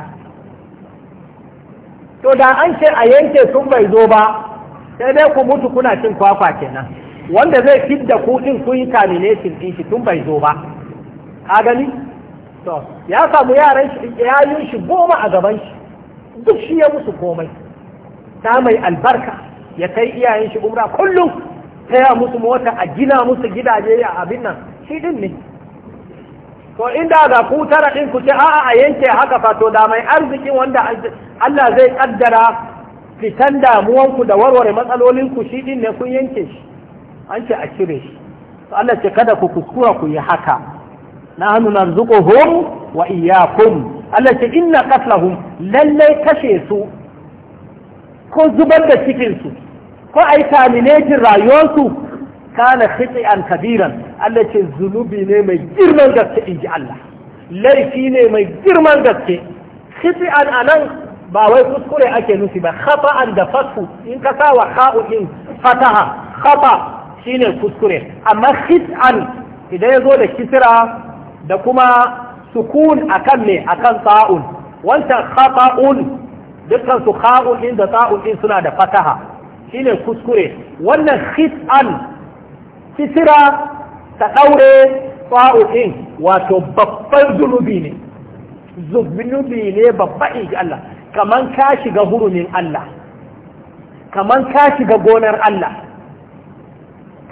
to da an ce a yanke sun bai zo ba sai dai ku mutu kuna cin kwakwa kenan wanda zai fidda ku din kun yi termination din shi tun bai zo ba ka gani to ya samu yaran shi yayin shi goma a gaban shi duk shi ya musu komai ta mai albarka ya kai iyayen shi umra kullum taya musu mota a gina musu gidaje a abin nan shi din ne to inda ga ku tara din ku ce a'a a yanke haka fa to da mai arzikin wanda Allah zai kaddara fitan damuwanku da warware matsalolinku shi din ne kun yanke shi an ce a cire shi Allah ce kada ku kuskura ku yi haka na hannu wa iyakun Allah ce inna kaslahum lallai kashe su ko zubar da cikinsu ko a yi terminating rayuwarsu kana khitsi kabiran Allah ce zunubi ne mai girman gaske in ji Allah laifi ne mai girman gaske khitsi anan ba wai kuskure ake nufi ba khata'an da fathu in ka sa wa kha'u fataha khata shine kuskure amma khit'an idan yazo da kisra da kuma sukun akan me akan ta'un wancan khata'un dukkan su kha'un in da ta'un in suna da fataha shine kuskure wannan khit'an kisra ta daure ta'un in wato babban zunubi ne zunubi ne babba in Allah kaman ka shiga hurumin Allah kaman ka shiga gonar Allah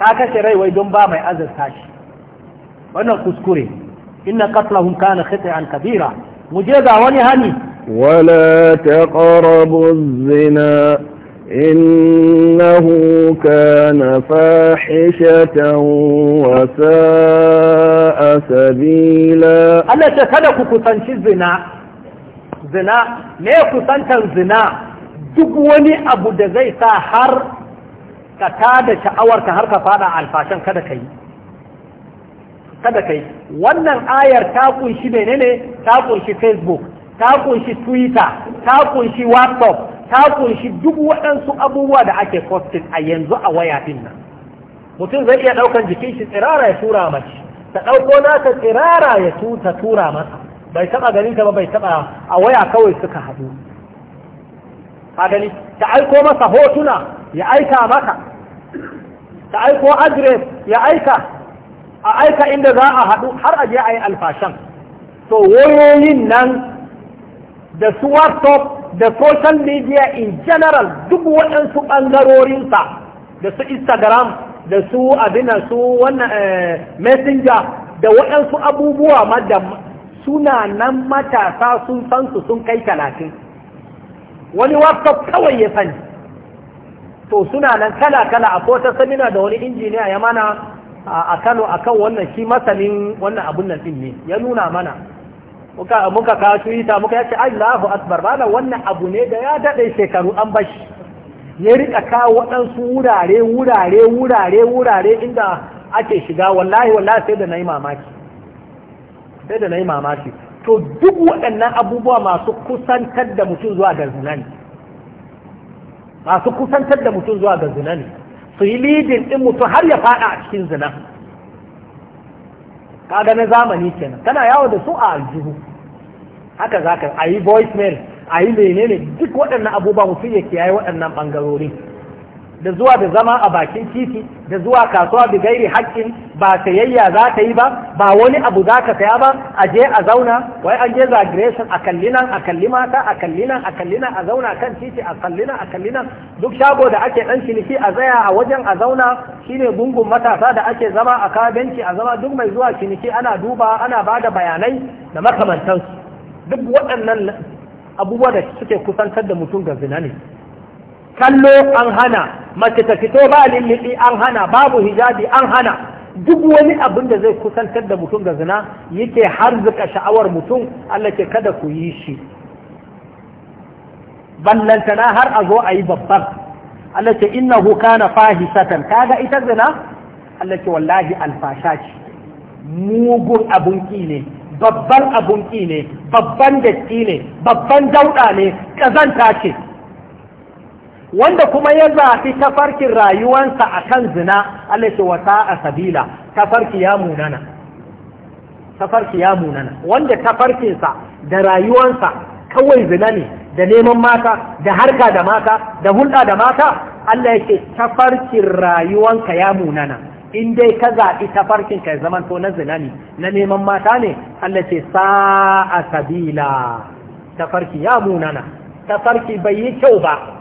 ka kashe rai wai don ba mai azurta shi wannan kuskure inna qatlahum kana khit'an kabira mu je ga wani hani wala taqrabu zina إنه كان فاحشة وساء سبيلا ألا تكلك كتنشي الزنا zina me kusantar zina duk wani abu da zai sa har ka tada ka har ka fada alfashan kada ka yi kada yi wannan ayar ta kunshi menene ta kunshi facebook ta kunshi twitter ta kunshi whatsapp ta kunshi duk waɗansu abubuwa da ake posting a yanzu a waya din nan mutum zai iya ɗaukan jikin shi tsirara ya tura mace ta ɗauko nasa tsirara ya tuta tura masa bai taba ganin ta ba bai taba a waya kawai suka haɗu ka gani ta aiko masa hotuna ya aika maka ta aiko adres ya aika a aika inda za a haɗu har a je a yi alfashan to wayoyin nan da su whatsapp da social media in general duk waɗansu ɓangarorinsa da su instagram da su abin su wannan eh, messenger da waɗansu abubuwa ma da suna nan matasa sun san su sun kai talatin wani whatsapp kawai ya sani to suna nan kala kala a ta samina da wani injiniya ya mana a kano a kan wannan shi masanin wannan abun nan din ne ya nuna mana muka kawo tuita muka yace Allahu akbar bana wannan abu ne da ya dade shekaru an bashi ya rika kawo waɗansu wurare wurare wurare wurare inda ake shiga wallahi wallahi sai da na yi mamaki sai da na yi mamaki to duk waɗannan abubuwa masu kusantar da mutum zuwa ga ne masu kusantar da mutum zuwa ga ne su yi lidin ɗin mutum har ya faɗa a cikin zina kaga na zamani kenan kana yawo da su a aljihu haka zaka a yi voicemail a yi menene duk waɗannan abubuwa mutum ya kiyaye waɗannan ɓangarori da zuwa da zama a bakin titi da zuwa kasuwa da gairi haƙƙin ba sayayya za ta yi ba ba wani abu za ka saya ba a je a zauna wai an je zagreshin a nan, a kalli mata a kalli nan, a kalli nan, a zauna kan titi a kalli nan, a kalli nan. duk shago da ake ɗan ciniki a zaya a wajen a zauna shine gungun matasa da ake zama a kawo benci a zama duk mai zuwa ciniki ana duba ana ba da bayanai da makamantansu duk waɗannan abubuwa da suke kusantar da mutum ga zina ne kallo an hana mace ta fito ba lillibi an hana babu hijabi an hana duk wani abin da zai kusantar da mutum da zina yake harzuka sha'awar mutum Allah ke kada ku yi shi ballantana har a zo a yi babban Allah ce na kana fahisatan kaga ita zina Allah ce wallahi alfasha ce mugun abun ki ne babban abun ki ne babban datti ne babban dauda ne kazanta ce wanda kuma ya zafi tafarkin rayuwansa a kan zina Allah ce wata a sabila tafarki ya munana ya munana wanda tafarkinsa da rayuwansa kawai zina ne da neman mata da harka da mata da hulɗa da mata Allah ya ce tafarkin rayuwanka ya munana in dai ka zaɓi tafarkin ka zaman to na zina ne na neman mata ne Allah ce a sabila tafarki ya munana tafarki bai yi kyau ba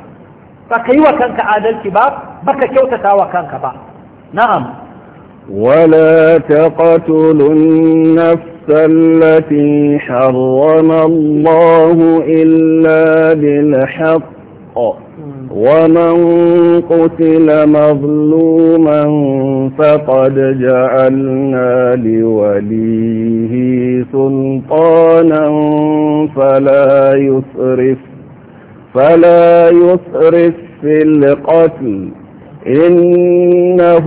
ba ka yi wa بك adalci ba ba نعم ولا تقتلوا النفس التي حرم الله إلا بالحق ومن قتل مظلوما فقد جعلنا لوليه سلطانا فلا يسرف فلا يسرف في القتل إنه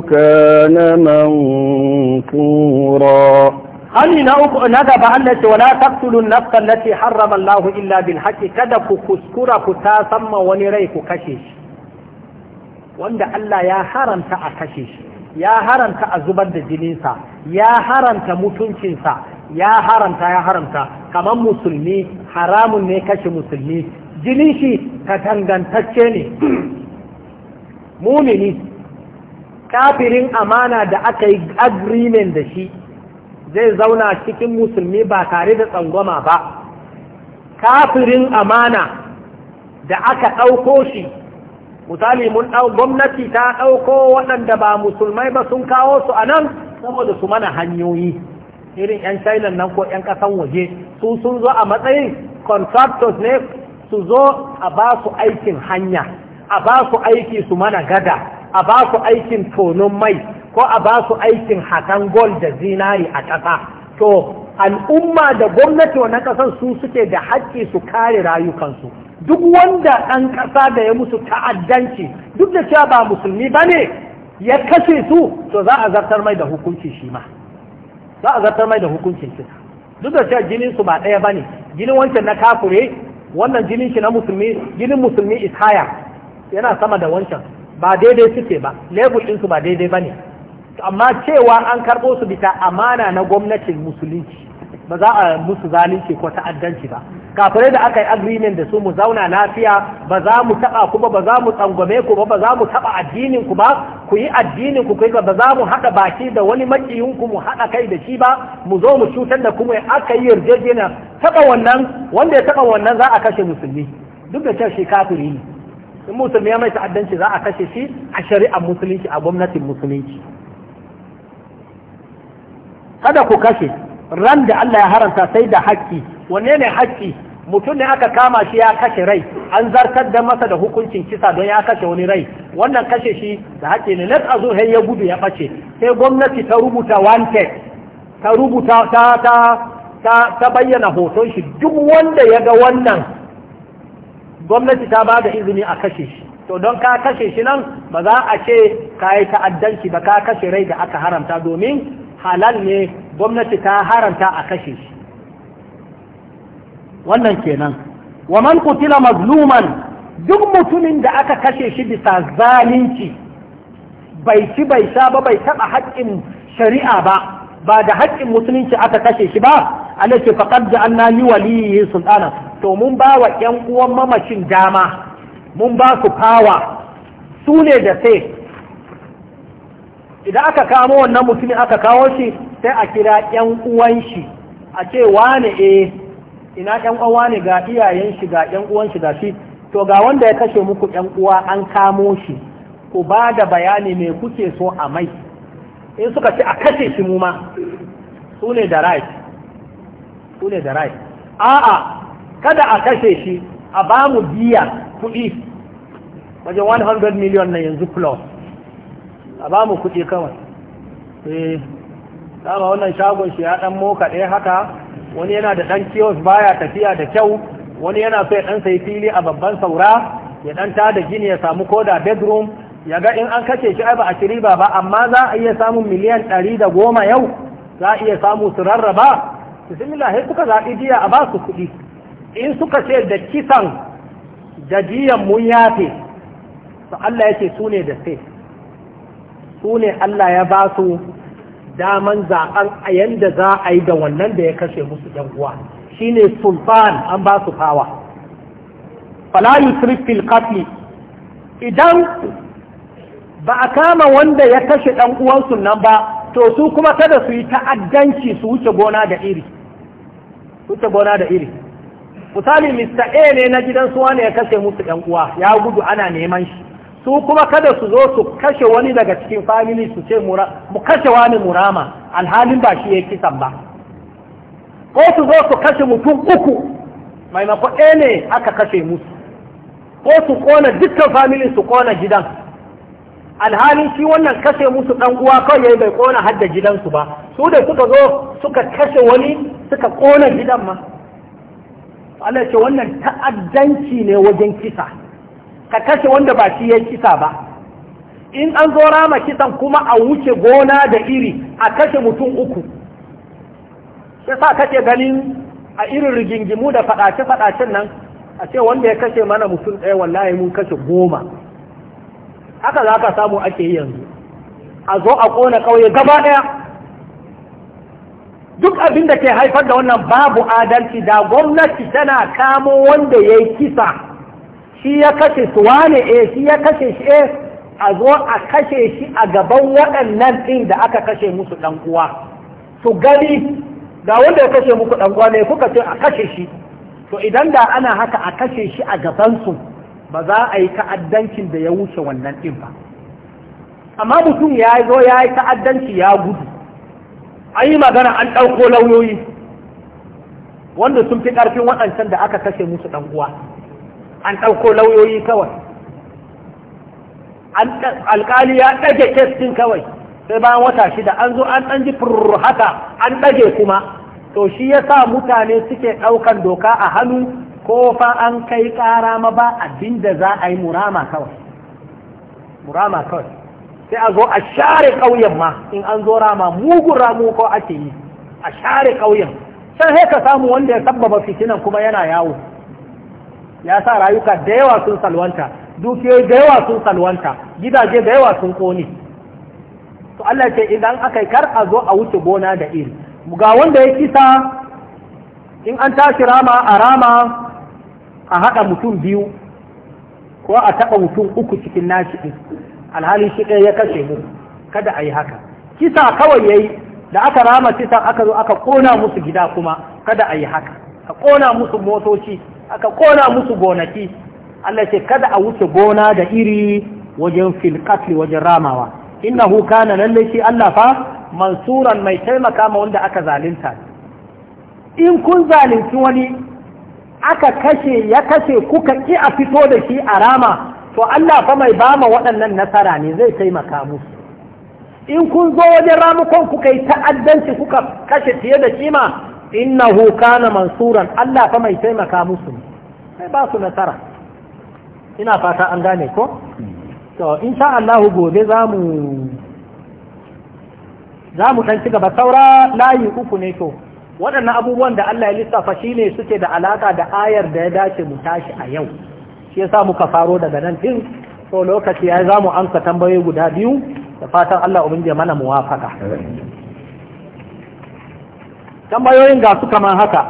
كان منصورا hali na uku na gaba Allah ce wala taqtulun nafsa allati harrama Allah illa bil kada ku kuskura ku ta san ma wani rai ku kashe wanda Allah ya haramta a kashe ya haramta a zubar da jininsa ya haramta mutuncinsa ya haramta ya haramta kamar musulmi haramun ne kashe musulmi jinin shi ta tangantacce ne mumini kafirin amana da aka yi agreement da shi zai zauna cikin musulmi ba tare da tsangwama ba kafirin amana da aka ɗauko shi misali mun ɗau gwamnati ta ɗauko waɗanda ba musulmai ba sun kawo su a nan saboda su mana hanyoyi irin 'yan china nan ko 'yan ƙasan waje su sun zo a matsayin contractors ne su zo a ba su aikin hanya a ba su aiki su mana gada a ba su aikin tonon mai ko a ba su aikin hakan gol da zinari a ƙasa to al'umma da gwamnati na ƙasar su suke da haƙƙi su kare rayukansu duk wanda ɗan ƙasa da ya musu ta'addanci duk da cewa ba musulmi ba ne ya kashe su to za a zartar mai da hukunci shi ma za a zartar mai da hukuncin kisa duk da cewa jininsu ba ɗaya ba ne jinin wancan na kafure wannan jinin shi na musulmi jinin musulmi is yana sama da wancan ba daidai suke ba level ɗinsu ba daidai ba ne amma cewa an karɓo su bisa amana na gwamnatin musulunci ba za a musu zalunci ko ta'addanci ba kafare da aka yi agreement da su mu zauna lafiya ba za mu taɓa ku ba ba za mu tsangwame ku ba ba za mu taɓa addinin ku ba ku yi addinin ku kai ba za mu haɗa baki da wani makiyin ku mu haɗa kai da shi ba mu zo mu cutar da kuma aka yi yarjejena taɓa wannan wanda ya taba wannan za a kashe musulmi duk da cewa shi kafiri ne in musulmi ya mai ta'addanci za a kashe shi a shari'ar musulunci a gwamnatin musulunci kada ku kashe ran da Allah ya haranta sai da haƙƙi wanne ne haƙƙi mutum ne aka kama shi ya kashe rai an zartar da masa da hukuncin kisa don ya kashe wani rai wannan kashe shi da hake ne let azo ya gudu ya ɓace sai gwamnati ta rubuta wanted ta rubuta ta ta ta bayyana hoton shi duk wanda ya ga wannan gwamnati ta ba da izini a kashe shi to don ka kashe shi nan ba za a ce ka yi ta'addanci ba ka kashe rai da aka haramta domin halal ne gwamnati ta haramta a kashe shi wannan kenan wa man qutila mazluman duk mutumin da aka kashe shi bisa zalunci bai ci bai sha ba bai taba haƙƙin shari'a ba ba da haƙƙin musulunci aka kashe shi ba Allah faqad ja'alna li waliyyi sultana to mun ba wa ƴan uwan mamacin dama mun ba su fawa su ne da sai idan aka kamo wannan mutumin aka kawo shi sai a kira ƴan uwan shi a ce wane eh ina ƴan uwa ne ga iyayen shi ga ƴan uwan shi ga shi to ga wanda ya kashe muku ƴan uwa an kamo shi ku ba da bayani me kuke so a mai in suka ce a kashe shi mu ma su ne da rai. su ne da right a'a kada a kashe shi a ba mu biya kuɗi wajen 100 million na yanzu plus a ba mu kuɗi kawai eh dama wannan shagon shi ya ɗan moka ɗaya haka wani yana da ɗan kiyos baya tafiya da kyau wani yana so ya ɗan sayi fili a babban saura ya ɗan ta da gini ya samu koda bedroom ya ga in an kace shi ai ba a riba ba amma za a iya samun miliyan ɗari da goma yau za a iya samu su rarraba bismillah sai suka zaɓi diya a ba su kuɗi in suka ce da kisan da diyan mun yafe to Allah ya ce su ne da sai su ne Allah ya ba su daman zaɓar a yadda za a yi da wannan da ya kashe musu ɗan uwa ne sultan an ba su fawa falayu trifil fil idan ba a kama wanda ya kashe ɗan uwansu nan ba to su kuma kada su yi ta'addanci su wuce gona da iri wuce gona da iri misali Mr. A ne na gidan suwa ne ya kashe musu ɗan uwa ya gudu ana neman shi su kuma kada su zo su kashe wani daga cikin famili su ce mu kashe wani murama alhalin ba shi ya kisan ba ko su zo su kashe mutum uku maimako ɗaya ne aka kashe musu ko su kona dukkan famili su kona gidan alhalin shi wannan kashe musu ɗan uwa kawai bai kona hadda gidansu ba su da suka zo suka kashe wani suka kona gidan ma Allah ce wannan ta'addanci ne wajen kisa ka kashe wanda ba shi ya kisa ba in an zo rama kisan kuma a wuce gona da iri a kashe mutum uku shi sa kake ganin a irin rigingimu da faɗace-faɗacen nan a ce wanda ya kashe mana mutum ɗaya wallahi mun kashe goma haka za ka samu ake yi yanzu a zo a ƙona ƙauye gaba ɗaya duk abin da ke haifar da wannan babu adalci da gwamnati tana kamo wanda ya kisa shi ya kashe su wane eh shi ya kashe shi eh a zo a kashe shi a gaban waɗannan ɗin da aka kashe musu ɗan uwa su gani ga wanda ya kashe muku ɗan uwa ne kuka ce a kashe shi to idan da ana haka a kashe shi a gabansu ba za a yi ta'addancin da ya wuce wannan ɗin ba amma mutum ya zo ya yi ta'addanci ya gudu an yi magana an ɗauko lauyoyi wanda sun fi ƙarfin waɗancan da aka kashe musu ɗan uwa an ɗauko lauyoyi kawai alƙali ya ɗage kestin kawai sai ba wata shida an zo an ɗan ji haka an ɗage kuma to shi ya sa mutane suke ɗaukan doka a hannu ko fa an kai ƙara ma ba abin da za a yi murama kawai murama kawai sai a zo a share ƙauyen ma in an zo rama mugun ramu ko ake yi a share ƙauyen sai sai samu wanda ya sabbaba fitinan kuma yana yawo ya sa rayuka da yawa sun salwanta dukiyoyi da yawa sun salwanta gidaje da yawa sun kone to Allah ce idan akai kar a zo a wuce gona da iri ga wanda ya kisa in an tashi rama a rama a haɗa mutum biyu ko a taɓa mutum uku cikin nashi ɗin alhali shi ɗaya ya kashe mu kada a yi haka kisa kawai ya yi da aka rama kisa aka zo aka ƙona musu gida kuma kada a yi haka a ƙona musu motoci aka kona musu gonaki Allah ce kada a wuce gona da iri wajen filkatli wajen ramawa huka na lalle shi Allah fa mansuran mai taimaka ma wanda aka zalunta in kun zalunci wani aka kashe ya kashe kuka ki a fito da shi a rama to Allah fa mai bama waɗannan nasara ne zai taimaka musu in kun zo wajen ramukon kuka yi ta'addanci kuka kashe fiye da kima innahu kana mansuran Allah fa mai taimaka musu sai ba su nasara ina fata an gane ko to insha Allah gobe zamu zamu ɗan ci gaba saura layi uku ne to waɗannan abubuwan da Allah ya lissafa shine suke da alaka da ayar da ya dace mu tashi a yau shi yasa muka faro daga nan din to lokaci ya zamu amsa tambayoyi guda biyu da fatan Allah ubangiji mana muwafaka tambayoyin ga su kamar haka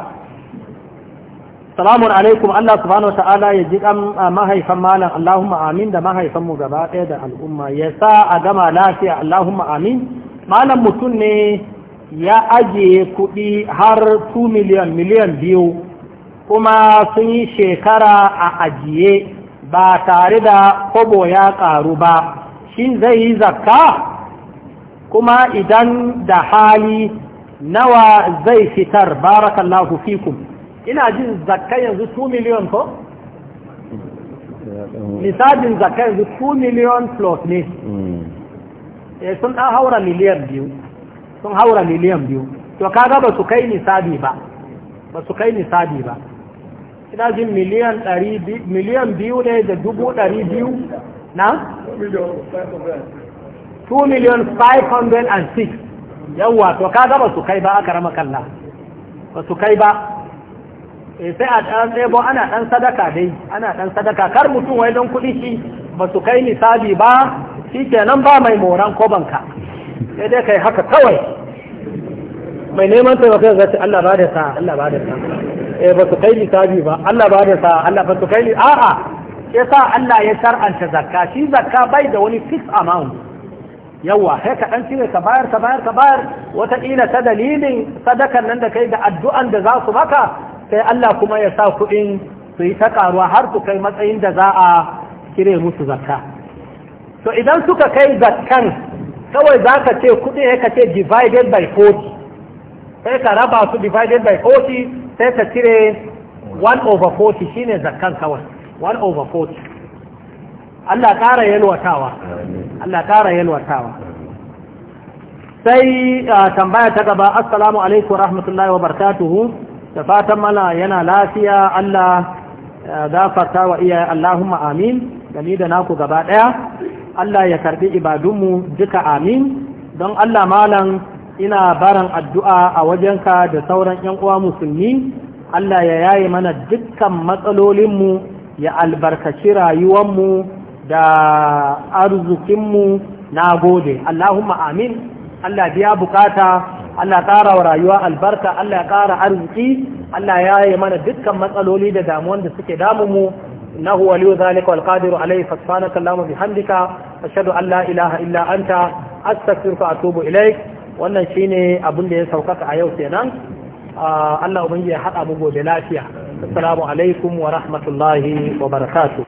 salamun alaikum Allah subhanahu wa ta'ala ya ji kan ah, mahaifan malam Allahumma amin da mahaifan mu gaba ɗaya da al'umma ya sa a gama lafiya Allahumma amin malam mutum ne ya ajiye kuɗi har 2 miliyan miliyan biyu kuma sun yi shekara a ajiye ba tare da kobo ya ƙaru ba shi zai yi zakka kuma idan da hali nawa zai fitar barakallahu fikum ina jin zakka yanzu 2 million ko misalin zakka yanzu 2 million plus ne hmm. eh sun ɗan haura miliyan biyu sun haura miliyan biyu to kaga ba su kai nisabi ba ba su kai nisabi ba ina jin miliyan 200 miliyan biyu ne da dubu 200 na 2 million 506 yawwa to ka ba su kai ba aka rama kalla ba su kai ba eh, sai a ɗan ɗebo ana ɗan sadaka dai ana ɗan sadaka kar mutum wai don kuɗi shi ba su kai nisabi ba shi kenan ba mai moran kobanka sai dai kai haka kawai mai neman taimako ga ce Allah ba da sa Allah ba da sa eh ba su kai nisabi ba Allah ba da sa Allah ba su kai ni a'a sa Allah ya shar'anta zakka shi zakka bai da wani fixed amount yawa sai ka dan cire ka bayar ka bayar ka bayar wataƙila ta dalilin sadakar nan da kai da addu'an da za su maka sai Allah kuma ya sa kuɗin su yi ta ƙaruwa har su kai matsayin da za a cire musu zakka to idan suka kai zakkan kawai za ka ce kuɗi ya ka ce divided by 40 sai ka raba su divided by 40 sai ka cire 1 over 40 shine zakkan kawai 1 over 40 Allah ƙara yalwatawa Allah ƙara yalwatawa sai tambaya ta gaba assalamu alaikum rahmatullahi wa barakatuhu da fatan mana yana lafiya Allah gafarta wa iyaye Allahumma amin da ni da naku gaba ɗaya. Allah ya karɓi ibadunmu duka amin don Allah malam ina baran addu'a a wajenka da sauran ‘yan uwa musulmi, Allah ya yayi mana dukkan matsalolinmu ya albarkaci rayuwanmu da arzikinmu na gode Allahumma amin Allah biya bukata Allah ƙara wa rayuwa albarka Allah ya ƙara arziki Allah ya yi mana dukkan matsaloli da damuwan da suke damunmu na huwa liyu zalika wal qadiru alayhi subhanaka allahumma bihamdika ashhadu an la ilaha illa anta astaghfiruka wa atubu ilaik wannan shine abin da ya saukaka a yau kenan ah, Allah ubangiji ya hada mu gobe lafiya assalamu alaikum wa rahmatullahi wa barakatuh